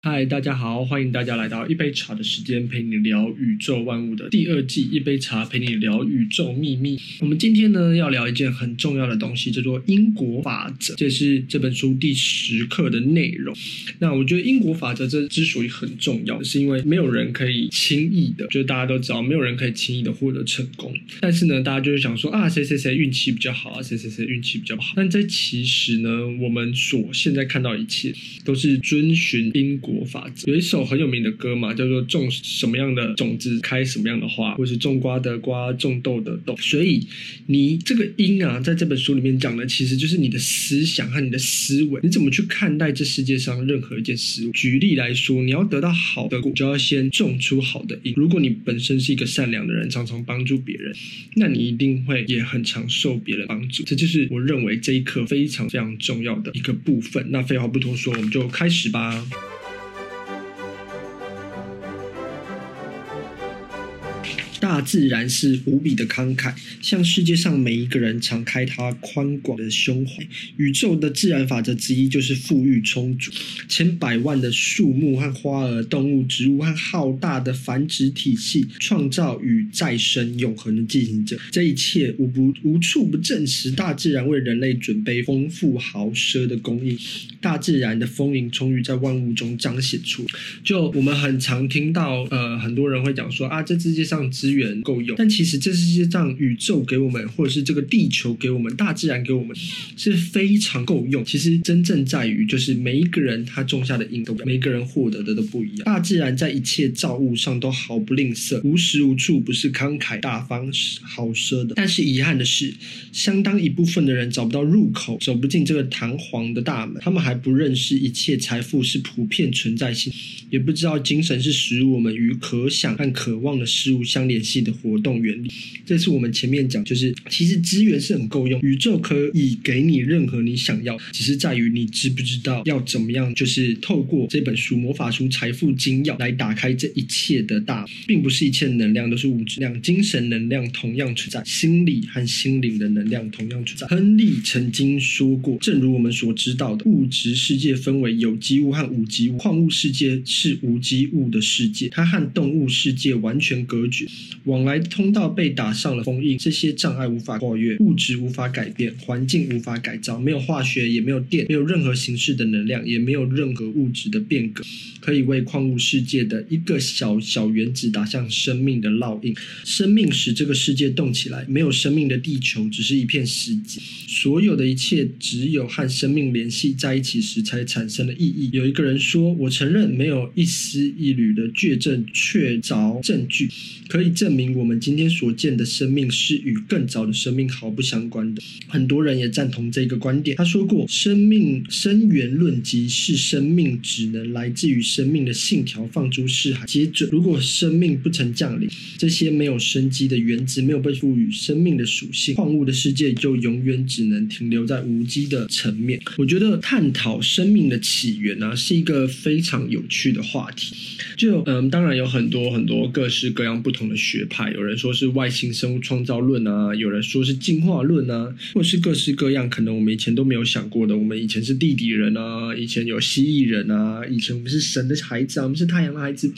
嗨，大家好，歡迎大家來到一杯茶的時間，陪你聊宇宙萬物的第二季。一杯茶陪你聊宇宙秘密。我們今天呢要聊一件很重要的東西，叫做因果法則，這是這本書第十課的內容。那我覺得因果法則這之所以很重要，是因為沒有人可以輕易的，就是大家都知道，沒有人可以輕易的獲得成功。但是呢，大家就是想說啊，誰誰誰運氣比較好，啊，誰誰誰運氣比較好。但這其實呢，我們所現在看到一切，都是遵循因。果法則有一首很有名的歌嘛，叫做“種什麼樣的種子開什麼樣的花”，或是“種瓜得瓜，種豆得豆”。所以，你這個因啊，在這本書裡面講的，其實就是你的思想和你的思維，你怎麼去看待這世界上任何一件事物。舉例來說，你要得到好的果，就要先種出好的因。如果你本身是一個善良的人，常常幫助別人，那你一定會也很常受別人幫助。這就是我認為這一課非常非常重要的一個部分。那廢話不多說，我們就開始吧。自然是無比的慷慨，向世界上每一個人敞開它寬廣的胸懷。宇宙的自然法則之一就是富裕充足，千百萬的樹木和花兒、動物、植物和浩大的繁殖體系，創造與再生永恆的進行着。這一切無不無處不證實，大自然為人類準備豐富豪奢的供應。大自然的豐盈充裕，在萬物中彰顯出。就我們很常聽到，呃，很多人會講說啊，這世界上資源夠用，但其實這是讓宇宙給我們，或者是這個地球給我們，大自然給我們是非常夠用。其實真正在於，就是每一個人他種下的因都，每個人獲得的都不一樣。大自然在一切造物上都毫不吝嗇，無時無處不是慷慨大方、豪奢的。但是遺憾的是，相當一部分的人找不到入口，走不進這個堂皇的大門。他們還不認識一切財富是普遍存在性，也不知道精神是使我們與可想和渴望的事物相聯繫。的活動原理，這是我們前面講，就是其實資源是很夠用，宇宙可以給你任何你想要，只是在於你知不知道要怎麼樣，就是透過這本書《魔法書財富金鑰》來打開這一切的大門，並不是一切的能量都是物質量，精神能量同樣存在，心理和心靈的能量同樣存在。亨利曾經說過，正如我們所知道的，物質世界分為有機物和無機物，礦物世界是無機物的世界，它和動物世界完全隔絕。往來通道被打上了封印，這些障礙，無法跨越物質無法改變，環境無法改造，沒有化學，也沒有電，沒有任何形式的能量，也沒有任何物質的變革，可以為礦物世界的一個小小原子打上生命的烙印。生命使這個世界動起來，沒有生命的地球只是一片死寂。所有的一切只有和生命聯繫在一起時，才產生了意義。有一個人說：“我承認，沒有一絲一縷的確證確鑿證據，可以證。”證明我們今天所見的生命是與更早的生命毫不相關的。很多人也贊同這個觀點。他說過：“生命生源論即是生命只能來自於生命的信條，放諸四海。”接着，如果生命不曾降臨，這些沒有生機的原子沒有被賦予生命的屬性，礦物的世界就永遠只能停留在無機的層面。我覺得探討生命的起源呢、啊，是一個非常有趣的話題。就嗯，當然有很多很多各式各樣不同的學學派，有人說是外星生物創造論啊，有人說是進化論啊，或是各式各樣，可能我們以前都沒有想過的。我們以前是地底人啊，以前有蜥蜴人啊，以前我們是神的孩子啊，我們是太陽的孩子，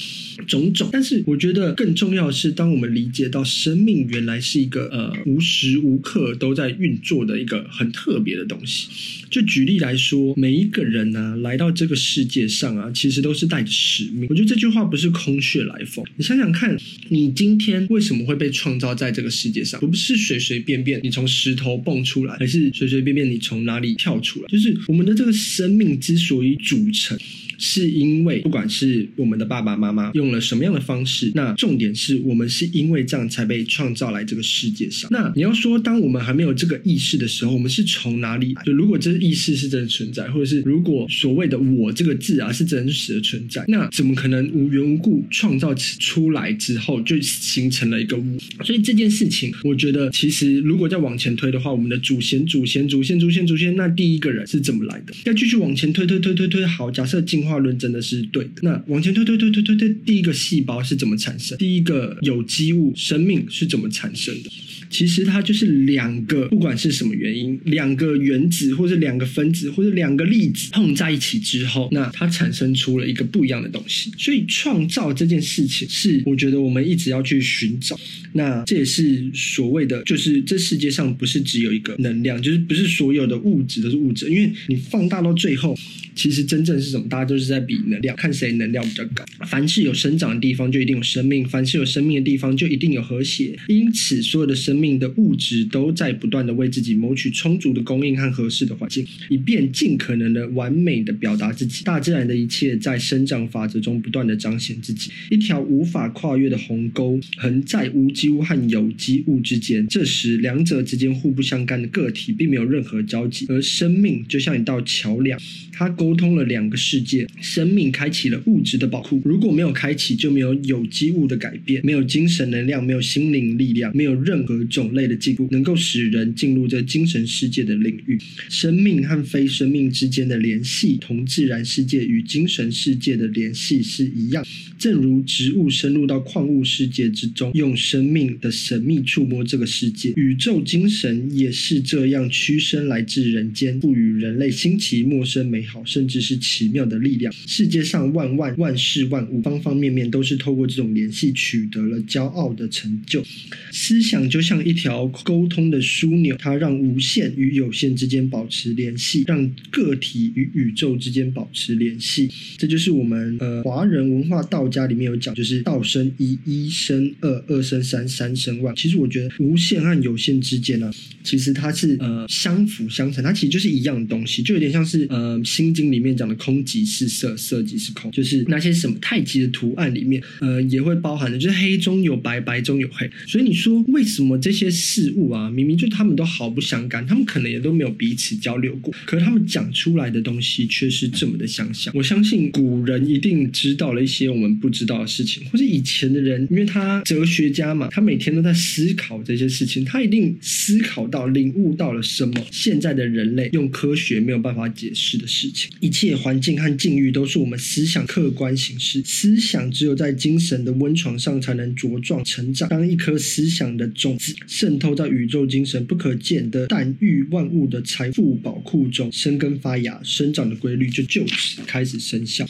種種。但是我覺得更重要的是，當我們理解到生命原來是一個呃無時無刻都在運作的一個很特別的東西。就舉例來說，每一個人呢啊，來到這個世界上啊，其實都是帶着使命。我覺得這句話不是空穴來風。你想想看，你今天。為什麼會被創造在這個世界上？不是隨隨便便你從石頭蹦出來，還是隨隨便便你從哪裡跳出來？就是我們的這個生命之所以組成。是因為不管是我們的爸爸媽媽用了什麼樣的方式，那重點是我們是因為這樣才被創造來這個世界上。那你要說，當我們還沒有這個意識的時候，我們是從哪裡來？就如果這意識是真的存在，或者是如果所謂的“我”這個字啊是真實的存在，那怎麼可能無緣無故創造出來之後就形成了一個物？所以這件事情，我覺得其實如果再往前推的話，我們的祖先、祖先、祖先、祖先、祖先，那第一個人是怎麼來的？再繼續往前推推推推推推推好，假設進化。進化論真的是對的。那往前推，推，推，推，推，推，第一個細胞是怎麼產生？第一個有機物、生命是怎麼產生的？其實它就是兩個，不管是什麼原因，兩個原子或者兩個分子或者兩個粒子碰在一起之後，那它產生出了一個不一樣的東西。所以創造這件事情是我覺得我們一直要去尋找。那這也是所謂的，就是這世界上不是只有一個能量，就是不是所有的物質都是物質，因為你放大到最後，其實真正是什麼，大家都是在比能量，看誰能量比較高。凡是有生長的地方，就一定有生命；凡是有生命的地方，就一定有和諧。因此，所有的生命生命的物質都在不斷的為自己謀取充足的供應和合適的環境，以便盡可能的完美的表達自己。大自然的一切在生長法則中不斷的彰顯自己。一條無法跨越的鴻溝橫在無機物和有機物之間，這時兩者之間互不相干的個體並沒有任何交集。而生命就像一道橋樑，它溝通了兩個世界。生命開啟了物質的寶庫，如果沒有開啟，就沒有有機物的改變，沒有精神能量，沒有心靈力量，沒有任何。種類的記錄能夠使人進入這精神世界的領域，生命和非生命之間的聯繫，同自然世界與精神世界的聯繫是一樣。正如植物深入到礦物世界之中，用生命的神秘觸摸這個世界，宇宙精神也是這樣屈身來自人間，賦予人類新奇、陌生、美好，甚至是奇妙的力量。世界上萬萬萬事萬物、方方面面，都是透過這種聯繫取得了驕傲的成就。思想就像。一條溝通的樞紐，它讓無限與有限之間保持聯繫，讓個體與宇宙之間保持聯繫。這就是我們呃，華人文化道家裡面有講，就是道生一，一生二，二生三，三生萬。其實我覺得無限和有限之間呢、啊，其實它是呃相輔相成，它其實就是一樣的東西，就有點像是呃《心經》裡面講的空即是色，色即是空，就是那些什麼太極的圖案裡面呃也會包含的，就是黑中有白，白中有黑。所以你說為什麼這？這些事物啊，明明就他們都毫不相干，他們可能也都沒有彼此交流過，可是他們講出來的東西卻是這麼的相像。我相信古人一定知道了一些我們不知道的事情，或是以前的人，因為他哲學家嘛，他每天都在思考這些事情，他一定思考到，領悟到了什麼現在的人類用科學沒有辦法解釋的事情，一切環境和境遇都是我們思想客觀形式。思想只有在精神的溫床上才能茁壯成長。當一顆思想的種子，滲透到宇宙精神不可見的誕育萬物的財富寶庫中，生根發芽，生長的規律就就此開始生效。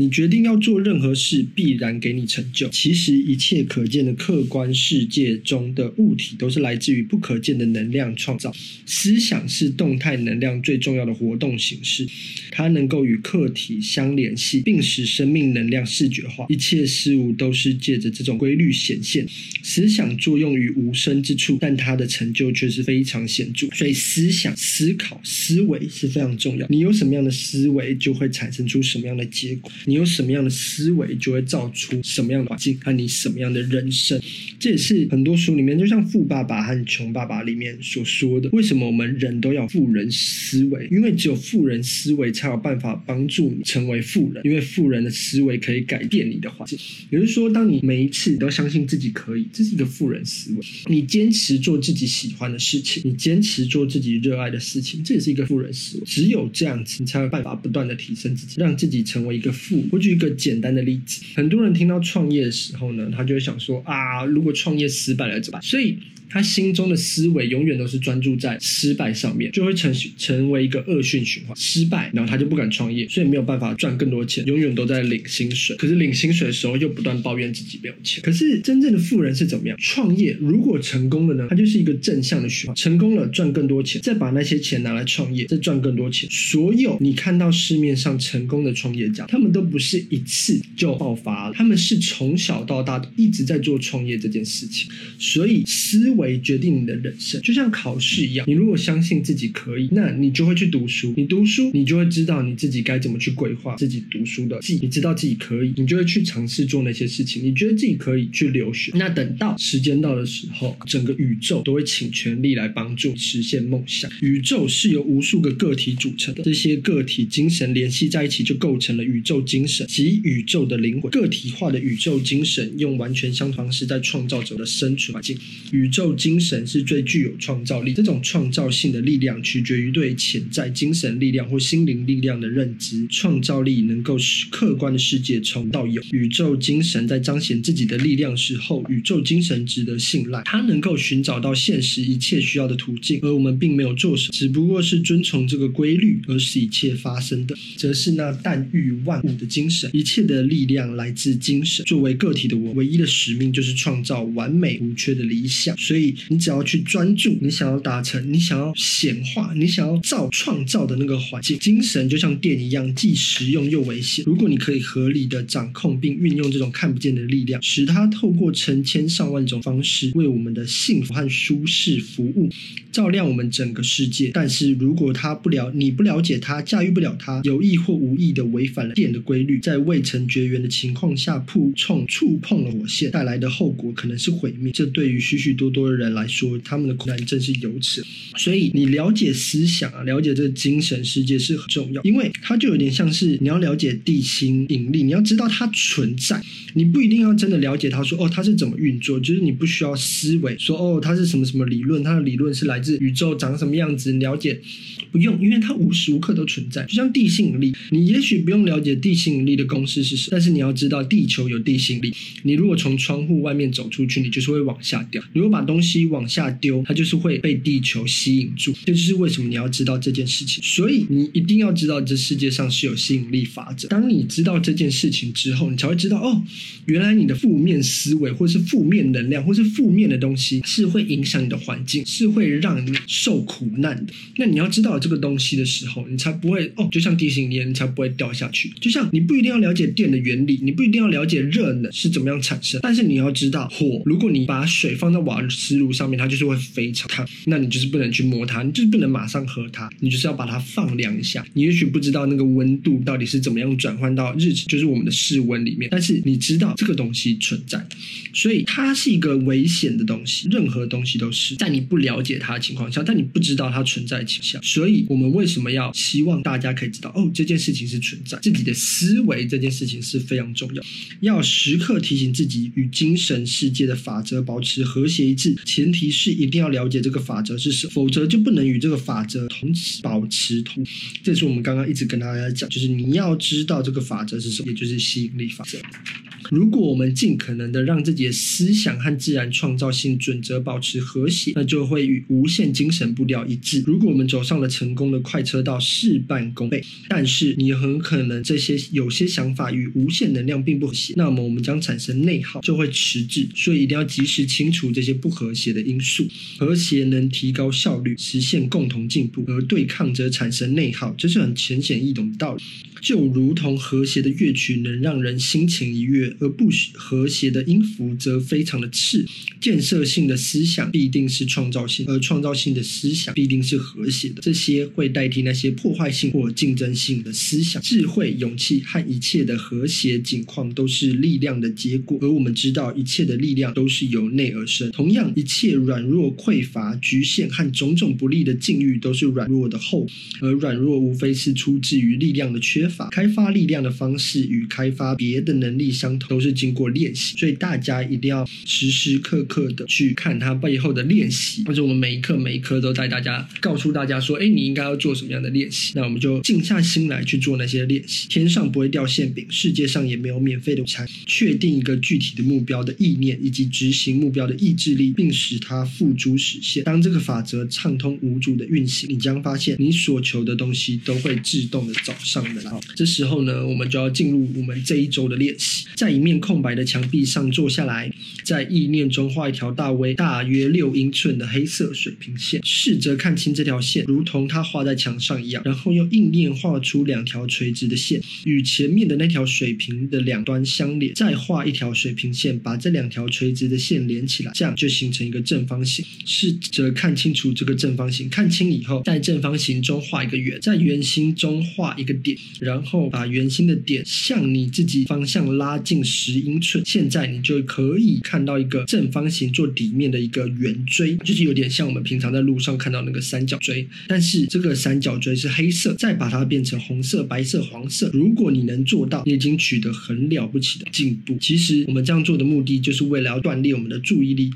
你決定要做任何事，必然給你成就。其實，一切可見的客觀世界中的物體都是來自於不可見的能量創造。思想是動態能量最重要的活動形式，它能夠與客體相聯繫，並使生命能量視覺化。一切事物都是借着這種規律顯現。思想作用於無聲之處，但它的成就卻是非常顯著。所以，思想、思考、思維是非常重要。你有什麼樣的思維，就會產生出什麼樣的結果。你有什麼樣的思維，就會造出什麼樣的環境，和你什麼樣的人生。這也是很多書裡面，就像《富爸爸》和《窮爸爸》裡面所說的。為什麼我們人都要富人思維？因為只有富人思維才有辦法幫助你成為富人。因為富人的思維可以改變你的環境。也就是說，當你每一次都相信自己可以，這是一個富人思維。你堅持做自己喜歡的事情，你堅持做自己熱愛的事情，這也是一個富人思維。只有這樣子，你才有辦法不斷的提升自己，讓自己成為一個富。我舉一個簡單的例子，很多人聽到創業的時候呢，他就會想說啊，如果創業失敗了怎麼辦？所以。他心中的思維永遠都是專注在失敗上面，就會成成為一個惡性循環。失敗，然後他就不敢創業，所以沒有辦法賺更多錢，永遠都在領薪水。可是領薪水的時候又不斷抱怨自己沒有錢。可是真正的富人是怎麼樣？創業如果成功了呢？他就是一個正向的循環，成功了賺更多錢，再把那些錢拿來創業，再賺更多錢。所有你看到市面上成功的創業家，他們都不是一次就爆發了，他們是從小到大一直在做創業這件事情，所以思維為決定你的人生，就像考試一樣。你如果相信自己可以，那你就會去讀書。你讀書，你就會知道你自己該怎麼去規劃自己讀書的計劃。你知道自己可以，你就會去嘗試做那些事情。你覺得自己可以去留學，那等到時間到的時候，整個宇宙都會盡全力來幫助實現夢想。宇宙是由無數個個體組成的，這些個體精神聯繫在一起，就構成了宇宙精神，即宇宙的靈魂。個體化的宇宙精神用完全相同的方式在創造者的生存環境，宇宙。宇宙精神是最具有創造力，這種創造性的力量取決於對潛在精神力量或心靈力量的認知。創造力能夠使客觀的世界從到有，宇宙精神在彰顯自己的力量時候，宇宙精神值得信賴，它能夠尋找到現實一切需要的途徑，而我們並沒有做什麼，只不過是遵從這個規律。而使一切發生的，則是那誕育萬物的精神，一切的力量來自精神。作為個體的我，唯一的使命就是創造完美無缺的理想。所以。所以你只要去專注，你想要達成、你想要顯化、你想要造創造的那個環境，精神就像電一樣，既實用又危險。如果你可以合理的掌控並運用這種看不見的力量，使它透過成千上萬種方式為我們的幸福和舒適服務，照亮我們整個世界。但是如果他不了，你不了解他，駕馭不了他，有意或無意的違反了電的規律，在未曾絕緣的情況下，碰觸碰了火線，帶來的後果可能是毀滅。這對於許許多多。人來說，他們的困難真是由此。所以你了解思想啊，了解這個精神世界是很重要，因為它就有點像是你要了解地心引力，你要知道它存在，你不一定要真的了解它，說哦它是怎麼運作，就是你不需要思維說哦它是什麼什麼理論，它的理論是來自宇宙長什麼樣子。你了解不用，因為它無時無刻都存在，就像地心引力，你也許不用了解地心引力的公式是什麼，但是你要知道地球有地心力，你如果從窗戶外面走出去，你就是會往下掉。如果把東西東西往下丟，它就是會被地球吸引住。這就是為什麼你要知道這件事情。所以你一定要知道這世界上是有吸引力法則。當你知道這件事情之後，你才會知道哦，原來你的負面思維或是負面能量或是負面的東西是會影響你的環境，是會讓你受苦難的。那你要知道這個東西的時候，你才不會哦，就像地心引力，你才不會掉下去。就像你不一定要了解電的原理，你不一定要了解熱能是怎麼樣產生，但是你要知道火。如果你把水放到瓦斯上。絲路上面，它就是會非常燙，那你就是不能去摸它，你就是不能馬上喝它，你就是要把它放涼一下。你也許不知道那個溫度到底是怎麼樣轉換到日子，就是我們的室溫裡面，但是你知道這個東西存在，所以它是一個危險的東西。任何東西都是在你不了解它的情況下，但你不知道它存在的傾向。所以我們為什麼要希望大家可以知道哦，這件事情是存在自己的思維，這件事情是非常重要，要時刻提醒自己與精神世界的法則保持和諧一致。前提是一定要了解這個法則是什麼，否則就不能與這個法則同時保持同步。這是我們剛剛一直跟大家講，就是你要知道這個法則是什麼，也就是吸引力法則。如果我們盡可能的讓自己的思想和自然創造性準則保持和諧，那就會與無限精神步調一致。如果我們走上了成功的快車道，事半功倍。但是你很可能這些有些想法與無限能量並不和諧，那麼我們將產生內耗，就會遲滯。所以一定要及時清除這些不和諧的因素，和諧能提高效率，實現共同進步；而對抗則產生內耗，這、就是很淺顯易懂的道理。就如同和諧的樂曲能讓人心情愉悅，而不和諧的音符則非常的刺。建設性的思想必定是創造性，而創造性的思想必定是和諧的。這些會代替那些破壞性或競爭性的思想。智慧、勇氣和一切的和諧境況都是力量的結果，而我們知道一切的力量都是由內而生。同樣，一切軟弱、匱乏、局限和種種不利的境遇都是軟弱的後果，而軟弱無非是出自於力量的缺乏。開發力量的方式與開發別的能力相同，都是經過練習。所以大家一定要時時刻刻的去看它背後的練習，或者我們每一課每一課都帶大家，告訴大家說：哎，你應該要做什麼樣的練習？那我們就靜下心來去做那些練習。天上不會掉餡餅，世界上也沒有免費的午餐。確定一個具體的目標的意念以及執行目標的意志力，並使它付諸實現。當這個法則暢通無阻的運行，你將發現你所求的東西都會自動的找上門來。這時候呢，我們就要進入我們這一周的練習。在一面空白的牆壁上坐下來，在意念中畫一條大，大約六英寸的黑色水平線，試着看清這條線，如同它畫在牆上一樣。然後用意念畫出兩條垂直的線，與前面的那條水平的兩端相連。再畫一條水平線，把這兩條垂直的線連起來，這樣就形成一個正方形。試着看清楚這個正方形，看清以後，在正方形中畫一個圓，在圓心中畫一個點。然後把圓心的點向你自己方向拉近十英寸，現在你就可以看到一個正方形做底面的一個圓錐，就是有點像我們平常在路上看到那個三角錐。但是這個三角錐是黑色，再把它變成紅色、白色、黃色。如果你能做到，你已經取得很了不起的進步。其實我們這樣做的目的，就是為了要鍛鍊我們的注意力。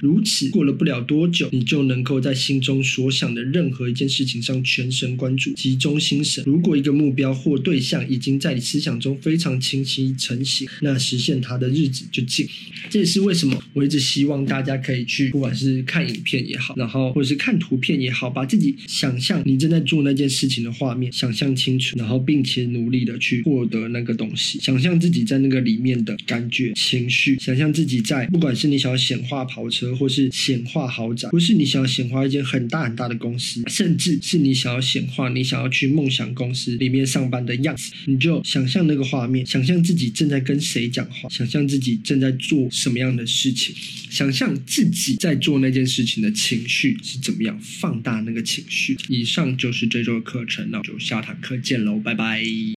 如此過了不了多久，你就能夠在心中所想的任何一件事情上全神貫注、集中心神。如果一個目標或對象已經在你思想中非常清晰成型，那實現它的日子就近。這也是為什麼我一直希望大家可以去，不管是看影片也好，然後或者是看圖片也好，把自己想象你正在做那件事情的畫面，想象清楚，然後並且努力的去獲得那個東西。想象自己在那個裡面的感覺、情緒。想象自己在，不管是你想要顯化跑車，或是顯化豪宅，或是你想要顯化一間很大很大的公司，甚至是你想要顯化你想要去夢想公司裡面上班的。的樣子，你就想象那個畫面，想象自己正在跟誰講話，想象自己正在做什麼樣的事情，想象自己在做那件事情的情緒是怎麼樣，放大那個情緒。以上就是這周的課程，那就下堂課見嘍，拜拜。